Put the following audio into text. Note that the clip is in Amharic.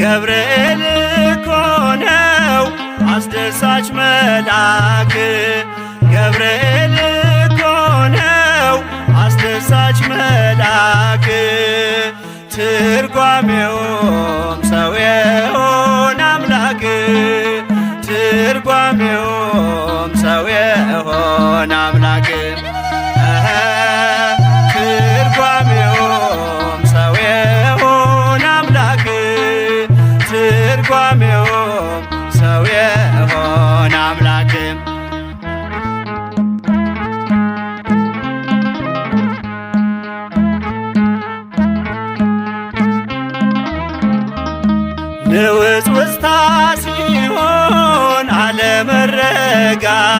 ገብርኤል ኮነው አስደሳች መልአክ ገብርኤል ኮነው አስደሳች መልአክ ትርጓሜውም ሰው የሆነ አምላክ ትርጓሜውም ሰው የሆነ አምላክ ትርጓሜውም ሰው የሆነ አምላክም ንውጽ ውስታስ